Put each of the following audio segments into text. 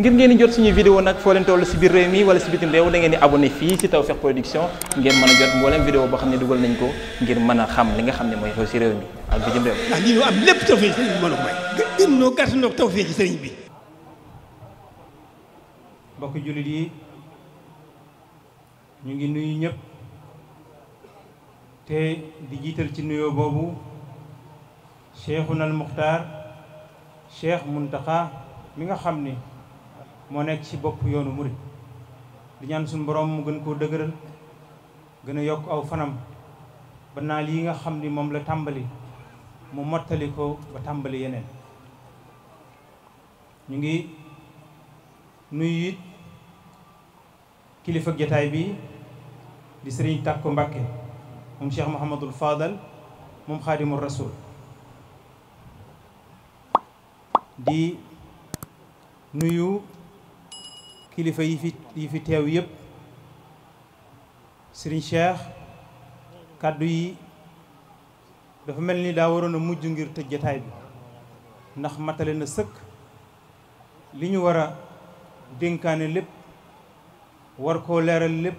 ngir ngeen di jot suñu vidéo nag foo leen toll si biir réew mi wala si bitim réew da ngeen di abonné fii si Tawfekh Production ngeen mën a jot mboolem vidéo boo xam ne dugal nañ ko ngir mën a xam li nga xam ne mooy xew si réew mi ak bitim réew. ndax lii lépp Tawfekh sëriñ bi mën a may. gën noo gàtt jullit yi ñu ngi nuyu ñëpp te di jiital ci nuyoo boobu Cheikhuna al Muxtaar Cheikh Muntaxa mi nga xam ni. moo nekk ci bopp yoonu murit di ñaan suñu borom mu gën koo dëgëral gën a yokk aw fanam ba naal yi nga xam ni moom la tàmbali mu mottali ko ba tàmbali yeneen ñu ngi nuyu it kilifa jataay bi di sëriñ Tàkko Mbàkke moom Cheikh Mouhamadul Fadal moom xaadimul rasul di nuyu kilifa yi fi yi fi teew yëpp sëriñ Cheikh kàddu yi dafa mel ni daa waroon a mujj ngir tëj jataay bi ndax matale na sëkk li ñu war a dénkaane lépp war koo leeral lépp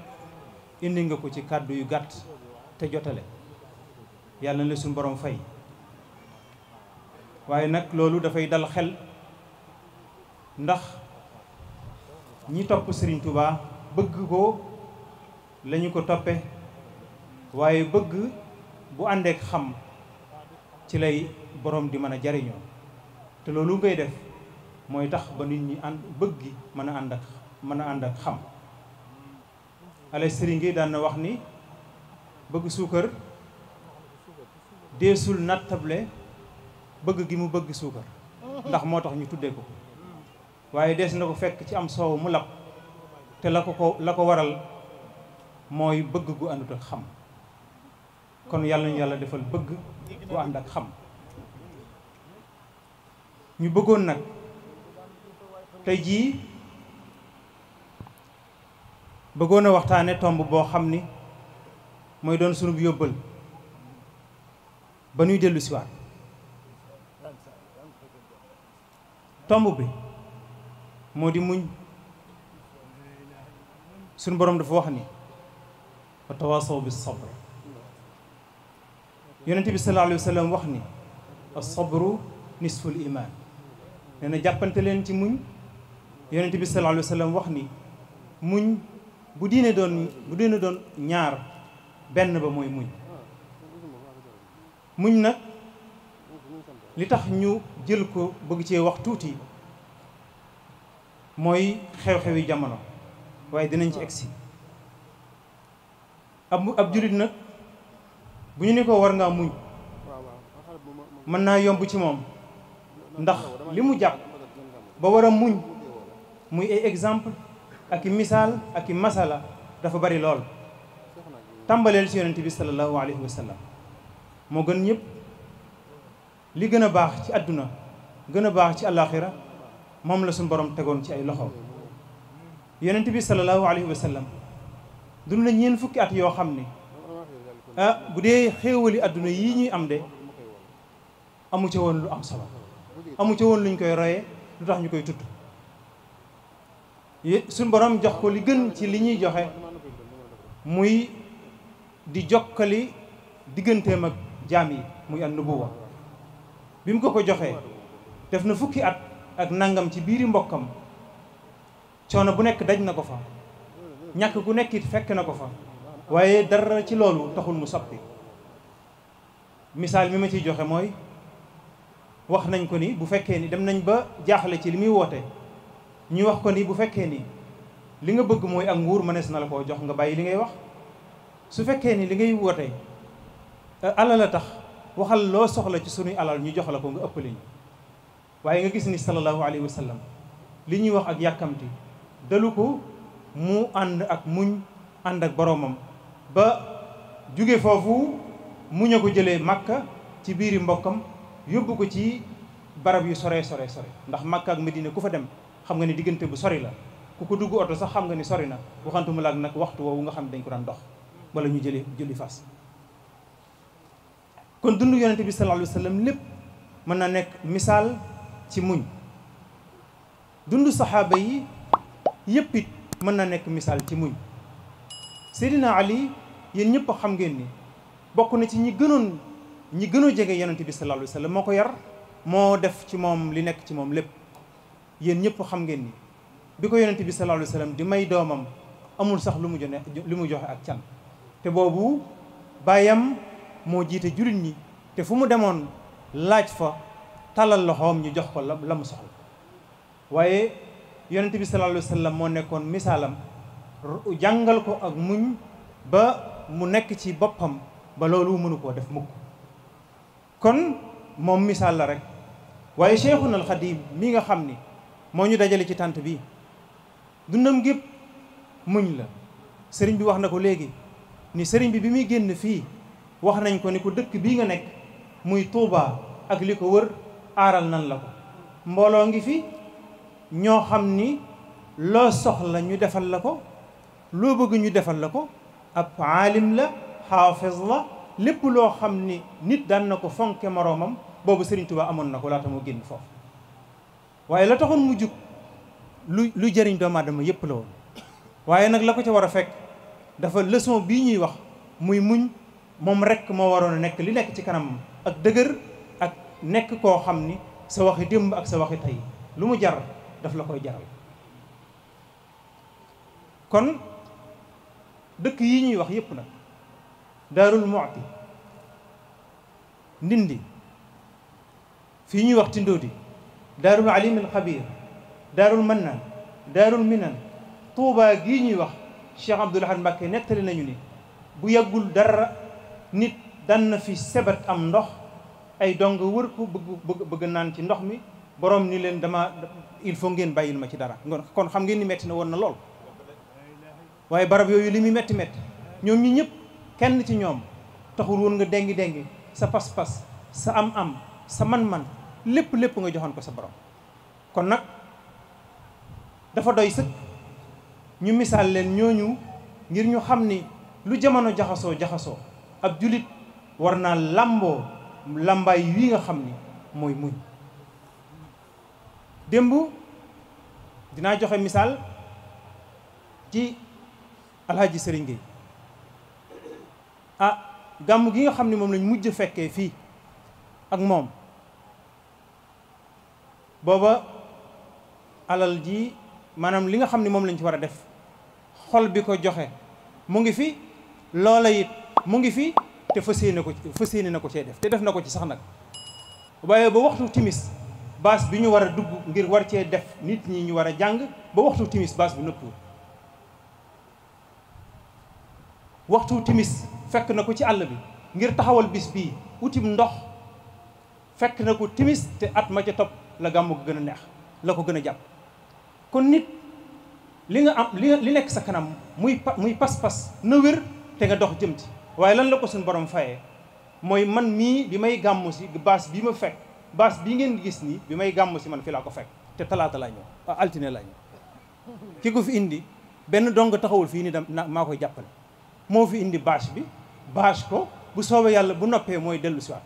indi nga ko ci kàddu yu gàtt te jotale yàlla na la suñu borom fay waaye nag loolu dafay dal xel ndax ñi topp Serigne Touba bëgg ko lañu ko toppe waaye bëgg bu àndeek xam ci lay borom di mën a jariñoo te loolu ngay def mooy tax ba nit ñi ànd bëggi mën a ànd ak mën a ànd ak xam ale sëriñ gi daan wax ni bëgg suukar deesul nattable bëgg gi mu bëgg suukar ndax moo tax ñu tuddee ko waaye des na ko fekk ci am soow mu lab te la ko ko la ko waral mooy bëgg gu àndut ak xam kon yàlla ñu yàlla defal bëgg gu ànd ak xam ñu bëggoon nag tey jii bëggoon a waxtaane tomb boo xam ni mooy doon sunub yóbbal ba ñuy dellu siwaat tomb bi moo di muñ suñ boroom dafa wax ni wa tawaasaw bi sabr yonent bi sallallahu alayhi wa wax ni as-sabru nisful iman nee na jàppante leen ci muñ yonent bi sallallahu alayhi wa wax ni muñ bu doon bu diine doon ñaar benn ba mooy muñ muñ nag li tax ñu jël ko bëgg cee wax tuuti mooy xew-xewi jamono waaye dinañ ci si ab ab jurit nag bu ñu ne ko war ngaa muñ mën naa yomb ci moom ndax li mu jàpp ba war a muñ muy ay exemple ak i misaal ak i masala dafa bari lool tàmbaleel ci yonent bi sallallahu alayhi wa moo gën ñëpp li gën a baax ci àdduna gën a baax ci àllaaxira moom la suñu borom tegoon ci ay loxo yonent bi sallallahu alayhi wa sallam dund na ñeen fukki at yoo xam ni ah bu dee xéewali àdduna yi ñuy am de amu ca woon lu am solo amu ca woon luñ koy roye lu tax ñu koy tudd suñ borom jox ko li gën ci li ñuy joxe muy di jokkali digganteem ak jaam yi muy an nubuwa bi mu ko ko joxee def na fukki at ak nangam ci biiri mbokkam coono bu nekk daj na ko fa ñàkk gu nekk it fekk na ko fa waaye dara ci loolu taxul mu soppi misaal mi ma ciy joxe mooy wax nañ ko ni bu fekkee ni dem nañ ba jaaxle ci li muy woote ñuy wax ko ni bu fekkee ni li nga bëgg mooy ak nguur mënees na la koo jox nga bàyyi li ngay wax su fekkee ni li ngay woote alal a tax waxal loo soxla ci sunuy alal ñu jox la ko nga ëppale ñu waaye nga gis ni sallallahu alayhi wa sallam li ñuy wax ak yàkkamti dalu ko mu ànd ak muñ ànd ak boroomam ba jóge foofu muñ a ko jëlee màkka ci biiri mbokkam yóbbu ko ci barab yu sore sore sore ndax màkka ak medina ku fa dem xam nga ne diggante bu sori la ku ko dugg oto sax xam nga ni sori na waxantuma laag nag waxtu woowu nga xam ne dañ ko daan dox wala ñu jëlee jëli fas kon dund yonente bi sallallahu alayhi lépp mën na nekk misaal ci muñ dundu saxaaba yi yëpp it mën na nekk misaal ci muñ Seydina Ali yéen ñëpp xam ngeen ni bokk na ci ñi gënoon ñi gën a jege yonent bi sallallahu alayhi wa moo ko yar moo def ci moom li nekk ci moom lépp yéen ñëpp xam ngeen ni bi ko yonent bi sallallahu alayhi di may doomam amul sax lu mu joxe lu mu joxe ak can te boobu baayam moo jiite jullit ñi te fu mu demoon laaj fa tàllal loxoom ñu jox ko la la mu soxla waaye yonent bi sallallahu alayhi wa moo nekkoon misaalam jàngal ko ak muñ ba mu nekk ci boppam ba loolu mënu koo def mukk kon moom misaal la rek waaye Cheikhuna al Xadim mi nga xam ni moo ñu dajale ci tànt bi dundam gépp muñ la sëriñ bi wax na ko léegi ni sëriñ bi bi muy génn fii wax nañ ko ni ku dëkk bii nga nekk muy Tuubaa ak li ko wër aaral nan la ko mbooloo ngi fi ñoo xam ni loo soxla ñu defal la ko loo bëgg ñu defal la ko ab aalim la xaafis la lépp loo xam ni nit daan na ko fonke moroomam boobu Sëriñ Tuubaa amoon na ko laa moo génn foofu waaye la mu jug lu lu jëriñ doomu aadama yépp la woon waaye nag la ko ca war a fekk dafa leçon bii ñuy wax muy muñ moom rekk moo waroon a nekk li nekk ci kanamam ak dëgër nekk koo xam ni sa waxi démb ak sa waxi tey lu mu jar daf la koy jaral kon dëkk yi ñuy wax yépp nag daarul muxti ndindi fii ñuy wax tindoodi daarul alim al xabir daarul mannaan daarul minan tuubaa gii ñuy wax cheikh abdul ahad nettali nañu ni bu yàggul dara nit daan na fi sebet am ndox ay dong wër ko bëgg bëgg naan ci ndox mi borom ni leen dama il faut ngeen bàyyil ma ci dara kon xam ngeen ni metti na woon na lool waaye barab yooyu li muy metti metti ñoom ñi ñëpp kenn ci ñoom taxul woon nga dengi dengi sa pas-pas sa am-am sa man-man lépp lépp nga joxoon ko sa borom kon nag dafa doy sëkk ñu misaal leen ñooñu ngir ñu xam ni lu jamono jaxasoo jaxasoo ab julit war naa làmboo làmbaay yi nga xam ni mooy muñ démb dinaa joxe misaal ci alxaaji sëriñ Gueye ah gàmm gi nga xam ni moom lañ mujj fekkee fii ak moom booba alal ji maanaam li nga xam ni moom lañ ci war a def xol bi ko joxe mu ngi fi loola it mu ngi fi te fas yéene ko fas yéene na ko cee def te def na ko ci sax nag waaye ba waxtu timis baas bi ñu war a dugg ngir war cee def nit ñi ñu war a jàng ba waxtu timis baas bi nëppul waxtu timis fekk na ko ci àll bi ngir taxawal bis bii utim ndox fekk na ko timis te at ma ca topp la gàmmu ko gën a neex la ko gën a jàpp kon nit li nga am li li nekk sa kanam muy muy pas-pas na wér te nga dox jëm ci waaye lan la ko suñu borom fayee mooy man mii bi may gàmmu si baas bi ma fekk baas bi ngeen gis nii bi may gàmmu si man fi laa ko fekk te talaata laa ñëw ah, altine laa ñëw ki ko fi indi benn dong taxawul fii ni dama maa koy jàppale moo fi indi bâche bi baas ko bu soobee yàlla bu noppee mooy dellu si waat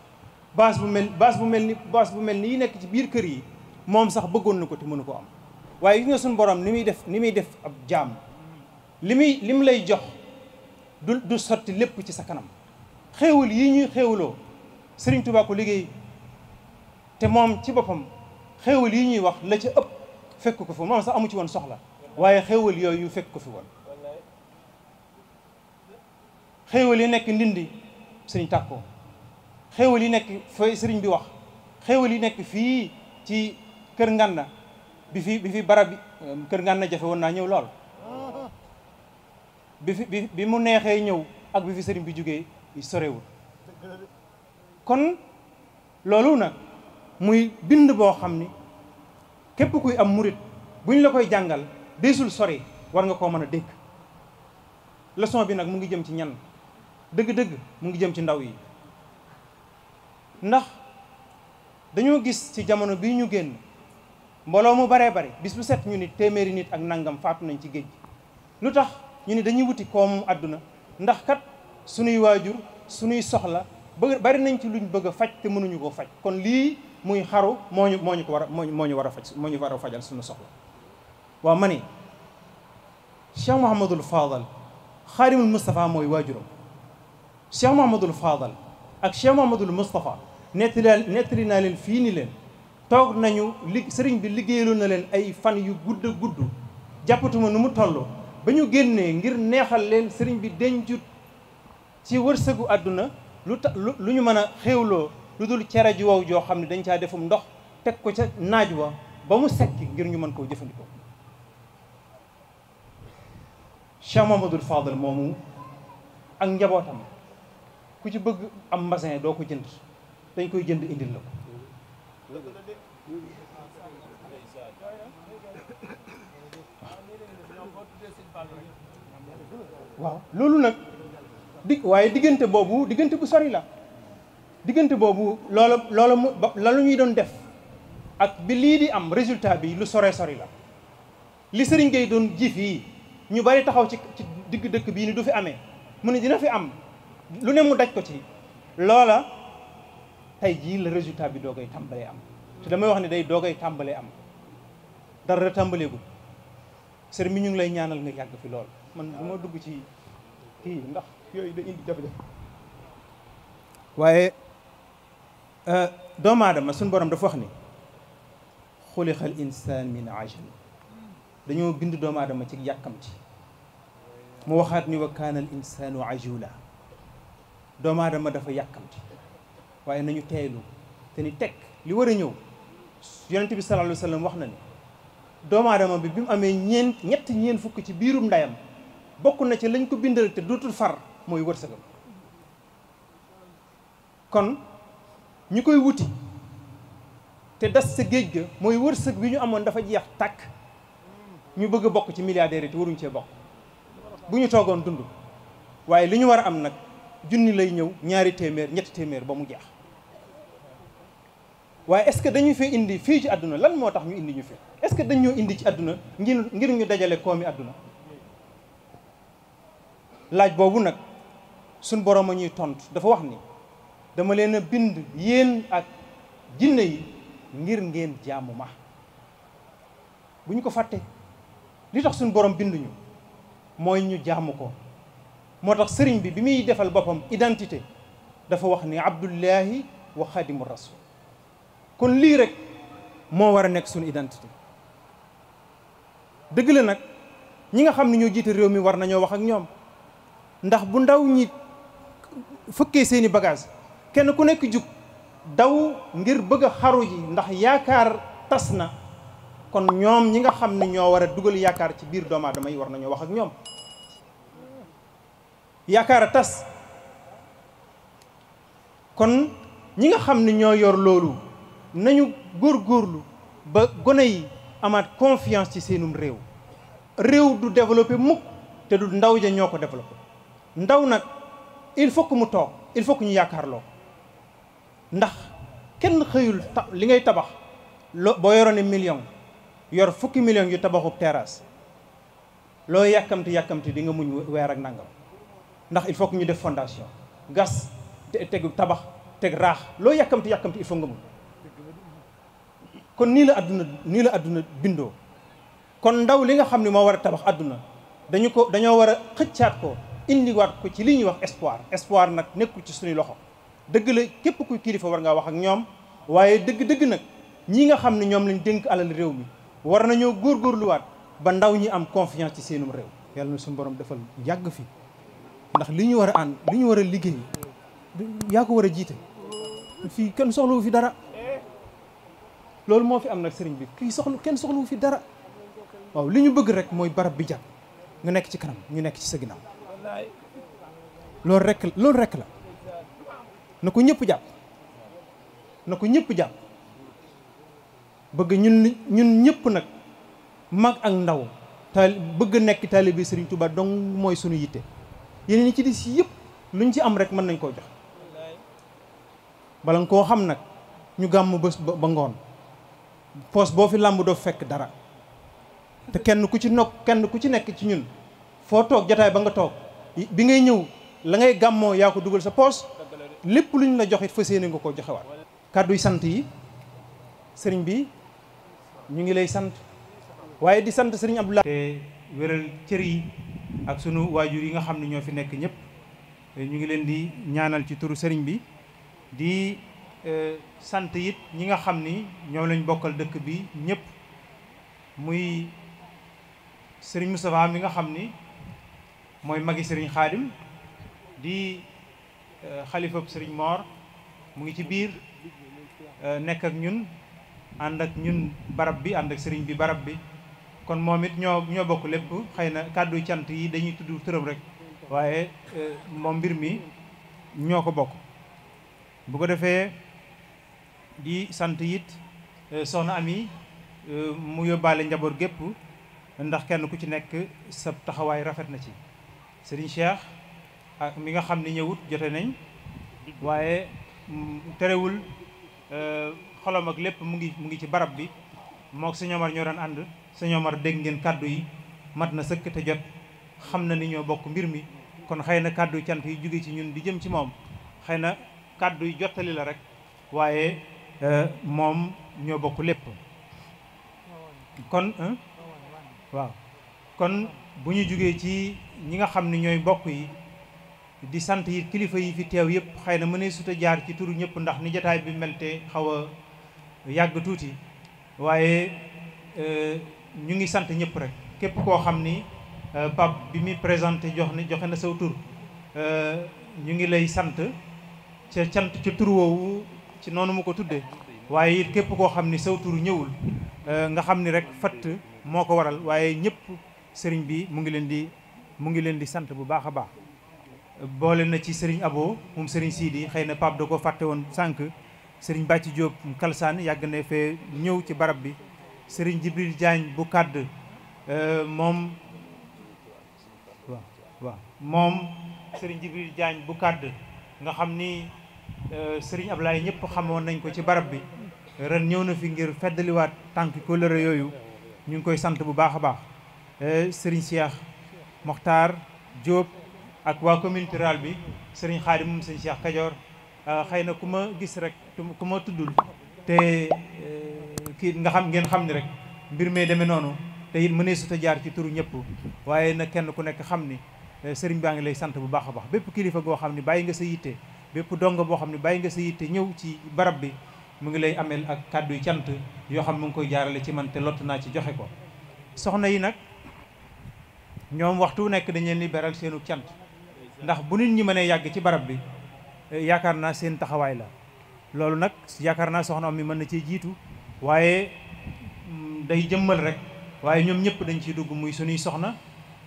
bâche bu mel baas bu mel ni bâche bu mel ni nekk ci biir kër yi moom sax bëggoon na ko te mënu koo am waaye yi nga suñu borom ni muy def ni muy def ab jaam muy li lay jox du du sotti lépp ci sa kanam xéewal yi ñuy xéewaloo Sëriñ Tuubaa ko liggéey te moom ci boppam xéewal yi ñuy wax la ci ëpp fekk ko fi moom amu ci woon soxla waaye xéewal yooyu fekk ko fi woon yi nekk ndindi sëriñ tàkkoo xéewal yi nekk fay sëriñ bi wax xéewal yi nekk fii ci kër ngan na bi fi bi fi barab bi kër nganna jafe woon naa ñëw lool bi fi bi bi mu neexee ñëw ak bi fi sëriñ bi jógee sorewul kon loolu nag muy bind boo xam ni képp kuy am murit buñ la koy jàngal deesul sori war nga koo mën a dégg leçon bi nag mu ngi jëm ci ñan dëgg-dëgg mu ngi jëm ci ndaw yi ndax dañoo gis ci jamono bi ñu génn mbooloo mu baree bare bis bu set ñu ni téeméeri nit ak nangam faatu nañ ci géej gi lu tax ñu ni dañuy wuti koomu àdduna ndax kat sunuy waajur sunuy soxla bëgg bari nañ ci luñ bëgg a faj te mënuñu koo faj kon lii muy xaru moo ñu moo ñu ko war a moo ñu faj moo ñu war a fajal sunu soxla waa ma ni Cheikh Mouhamadul Fadal xaarimul Moustapha mooy waajuram Cheikh Mouhamadul Fadal ak Cheikh Mouhamadul Moustapha nettali nettali naa leen fii ni leen toog nañu sëriñ bi liggéeyaloon na leen ay fan yu gudd gudd jàppatuma nu mu toll ba ñu génnee ngir neexal leen sëriñ bi dencut ci wërsëgu àdduna lu ta lu ñu mën a xéewloo lu dul cere ju wow joo xam ne dañ caa defum ndox teg ko ca naaj wa ba mu sekki ngir ñu mën koo jëfandikoo Cheikh Mamadou Fadal moomu ak njabootam ku ci bëgg am mbasin doo ko jënd dañ koy jënd indil la ko waaw loolu nag di waaye diggante boobu diggante bu sori la diggante boobu loola loola mu lu ñuy doon def ak bi lii di am résultat bi lu sore sori la li sëriñ Gueye doon ji fii ñu bari taxaw ci ci digg dëkk bii ni du fi amee mu ne dina fi am lu ne mu daj ko ci loola tey jii la résultat bi doo doogay tàmbalee am te damay wax ne day doo koy tàmbalee am dara tàmbaleegul sëriñ mi ñu ngi lay ñaanal nga yàgg fi lool man du ma dugg ci kii ndax yooyu da indi jafe-jafe waaye euh, doomu aadama suñu borom dafa wax ni xuliqal insaan min ajal dañoo bind doomu aadama ci yàkkamti mu waxaat ni wa kaana al insaanu ajula doomu aadama dafa yàkkamti waaye nañu teeylu te ni teg li war a ñëw yonent bi sallallahu alayhi wax na ni doomu bi bi mu amee ñeent ñett ñeent fukk ci biirum ndeyam bokk na ci lañ ko bindal te dootul far mooy wërsëgam kon ñi koy wuti te das sa géej ga mooy wërsëg bi ñu amoon dafa jeex tàkk ñu bëgg a bokk ci milliardaires yi te waruñ cee bokk bu ñu toogoon dund waaye li ñu war a am nag junni lay ñëw ñaari téeméer ñetti téeméer ba mu jeex waaye est-ce que dañu fee indi fii ci àdduna lan moo tax ñu indi ñu fi est-ce que dañoo indi ci àdduna ngir ngir ñu dajale koomi àdduna laaj boobu nag suñ borom a ñuy tontu dafa wax ni dama leen a bind yéen ak jinne yi ngir ngeen jaamu ma bu ñu ko fàtte li tax suñ borom binduñu mooy ñu jaamu ko moo tax sëriñ bi bi muy defal boppam identité dafa wax ni abdullahi wa xadimu rasul kon lii rek moo war a nekk suñu identité dëgg la nag ñi nga xam ni ñoo jiite réew mi war nañoo wax ak ñoom ndax bu ndaw ñi fëkkee seeni bagage kenn ku nekk jug daw ngir bëgg a xaru yi ndax yaakaar tas na kon ñoom ñi nga xam ne ñoo war a dugal yaakaar ci biir doomu aadama yi war nañoo wax ak ñoom yaakaar a tas kon ñi nga xam ne ñoo yor loolu nañu góor góorlu ba gone yi amaat confiance ci seenum réew réew du développé mukk te du ndaw ja ñoo ko développé ndaw nag il faut que mu toog il faut que ñu yaakaarloo ndax kenn xëyul ta li ngay tabax loo boo yoroon million yor fukki million yu tabaxu teraas loo yàkkamti yàkkamti di nga muñ weer ak nangam ndax il faut que ñu def fondation gas tegu tabax teg raax loo yàkkamti yàkkamti il faut nga muñ kon nii la àdduna nii la àdduna bindoo kon ndaw li nga xam ne moo war a tabax àdduna dañu ko dañoo war a xëccaat ko indiwaat ko ci li ñuy wax espoir espoir nag nekkul ci suñu loxo dëgg la képp kuy kilifa war ngaa wax ak ñoom waaye dëgg-dëgg nag ñi nga xam ne ñoom lañ dénk alal réew mi war nañoo góor góorgóorluwaat ba ndaw ñi am confiance ci seenum réew. yàlla na suñu borom defal yàgg fi ndax li ñu war a ànd li ñu war a liggéey yaa ko war a jiite fii kenn soxlawu fi dara loolu moo fi am nag sëriñ bi kii soxla kenn soxlawu fi dara waaw li ñu bëgg rek mooy barab bi jàpp nga nekk ci kanam ñu nekk ci sa loolu rekk loolu rekk la na ko ñëpp jàpp na ko ñëpp jàpp bëgg ñun ñun ñëpp nag mag ak ndaw taal bëgg nekk taalibe Serigne Touba dong mooy sunu yitte yeneen ñi ci dis yëpp luñ ci am rek mën nañ koo jox bala koo xam nag ñu gàmm bés ba ngoon poos boo fi làmb doo fekk dara te kenn ku ci nokk kenn ku ci nekk ci ñun foo toog jotaay ba nga toog bi ngay ñëw la ngay gàmmoo yaa ko dugal sa poos lépp lu ñu la jox it fas yéene nga koo joxewaat kàdduy sant yi sëriñ bi ñu ngi lay sant waaye di sant sëriñ Abdoulaye te wéral cër yi ak sunu waajur yi nga xam ne ñoo fi nekk ñëpp ñu ngi leen di ñaanal ci turu sëriñ bi di e, sant it ñi nga xam ni ñoom lañ bokkal dëkk bi ñëpp muy sëriñ Moustapha mi nga xam ni mooy magi sëriñ xaadim di euh, xalifab sëriñ moor mu ngi ci biir euh, nekk ak ñun ànd ak ñun barab bi ànd ak sëriñ bi barab bi kon moom it ñoo ñoo bokk lépp xëy na kàddu cant yi dañuy tudd tëram rek waaye euh, moom mbir mi ñoo ko bokk bu ko defee di sant it soxna ami mu yóbbaale njaboot gépp ndax kenn ku ci nekk sa taxawaay rafet na ci Serigne Cheikh ak mi nga xam ni ñëwut jote nañ waaye mm, terewul euh, xolom ak lépp mu ngi mu ngi ci barab bi mook sëñ Omar ñoo doon ànd sëñ Omar dégg ngeen kàddu yi mat na sëkk te jot xam na ni ñoo bokk mbir mi kon xëy na kàddu cant yi jóge ci ñun di jëm ci moom xëy na kàddu yi jottali la rek waaye euh, moom ñoo bokk lépp kon waaw kon bu ñu jógee ci ñi nga xam ni ñooy bokk yi di sant yi kilifa yi fi teew yëpp xëy na mënee suta jaar ci tur ñëpp ndax ni jataay bi melte xaw a yàgg tuuti waaye euh, ñu ngi sant ñëpp rek képp koo xam ni euh, Pape bi muy présenté jox ni joxe na saw tur euh, ñu ngi lay sant ca cant ca tur woowu ci noonu mu ko tuddee waaye it képp koo xam ni saw tur ñëwul nga xam ni rek fatt moo ko waral waaye ñëpp sëriñ bi mu ngi leen di mu ngi leen di sant bu baax a baax boole na ci sëriñ Abo moom sëriñ Sidi xëy na Pape da ko fàtte woon sànq sëriñ Bàcci Diop Kalsaan yàgg na fee ñëw ci barab bi sëriñ Jibril Diagne bu kàdd euh, moom waaw sëriñ Jibril Diagne bu kàdd nga xam ni euh, sëriñ laay ñëpp xamoon nañ ko ci barab bi ren ñëw na fi ngir feddaliwaat tànk kóllëre yooyu ñu ngi koy sant bu baax a baax euh, sëriñ Cheikh Mokhtar Diop ak waa commune rurale bi sëriñ Xaadim moom sëriñ Cheikh Kajoor euh, xëy na ku ma gis rek ku ma tuddul te euh, kii nga xam ngeen xam ni rek mbir mee demee noonu te it mënee suta jaar ci turu ñëpp waaye nag kenn ku nekk xam ni euh, sëriñ baa ngi lay sant bu baax a baax bépp kilifa goo xam ne bàyyi nga sa yitte bépp dong boo xam ne bàyyi nga sa yitte ñëw ci barab bi mu ngi lay ameel ak kàddu yu cant yoo xam mu ngi koy jaarale ci man te lott naa ci joxe ko ñoom waxtu nekk dañ leen di beral seenu cant ndax bu nit ñi mënee yàgg ci barab bi eh, yaakaar naa seen taxawaay la loolu nag yaakaar naa soxna am mi mën na cee jiitu waaye mm, day jëmmal rek waaye ñoom ñëpp dañ ciy dugg muy sunuy soxna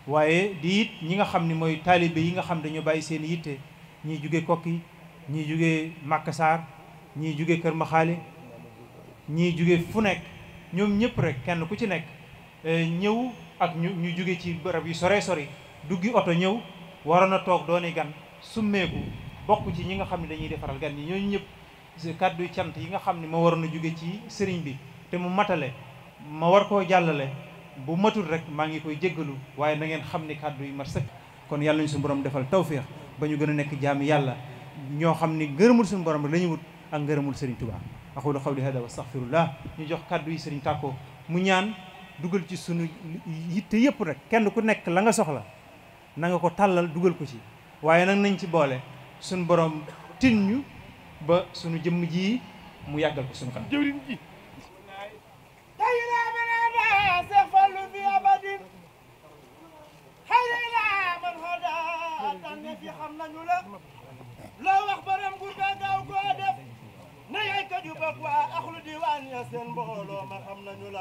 waaye di it ñi nga xam ni mooy taalibe yi nga xam dañoo bàyyi seen yitte ñii jóge kokki ñii jóge màkkasaar ñii jóge kër ma xaali ñii jóge fu nekk ñoom ñëpp rek kenn ku ci nekk eh, ñëw ak ñu ñu jóge ci bërëb yu sore sori duggi oto ñëw waroon a toog dooni gan summeeku bokk ci ñi nga xam ne dañuy defaral gan ñi ñooñu ñëpp kàddu cant yi nga xam ni ma waroon a jóge ci sëriñ bi te mu matale ma war koo jàllale bu matul rek maa ngi koy jéggalu waaye na ngeen xam ni kàddu yi mat sëkk kon yàlla ñu suñu borom defal tawféex ba ñu gën a nekk jaami yàlla ñoo xam ni ngërëmul suñu borom rek la ñu wut ak ngërëmul sëriñ Tuubaa aqulu qawli hada wa astaghfirullah ñu jox kàddu yi sëriñ tàkko dugal ci sunu yitte yëpp rek kenn ku nekk la nga soxla na ko tàllal dugal ko ci waaye nag nañ ci boole sunu borom tin ñu ba sunu jëmm ji mu yàggal ko sunu kanam jëwriñ ji loo wax borom gu ba gaaw koo def na yu bokk waa axlu diwaan ya seen mbooloo ma xam nañu la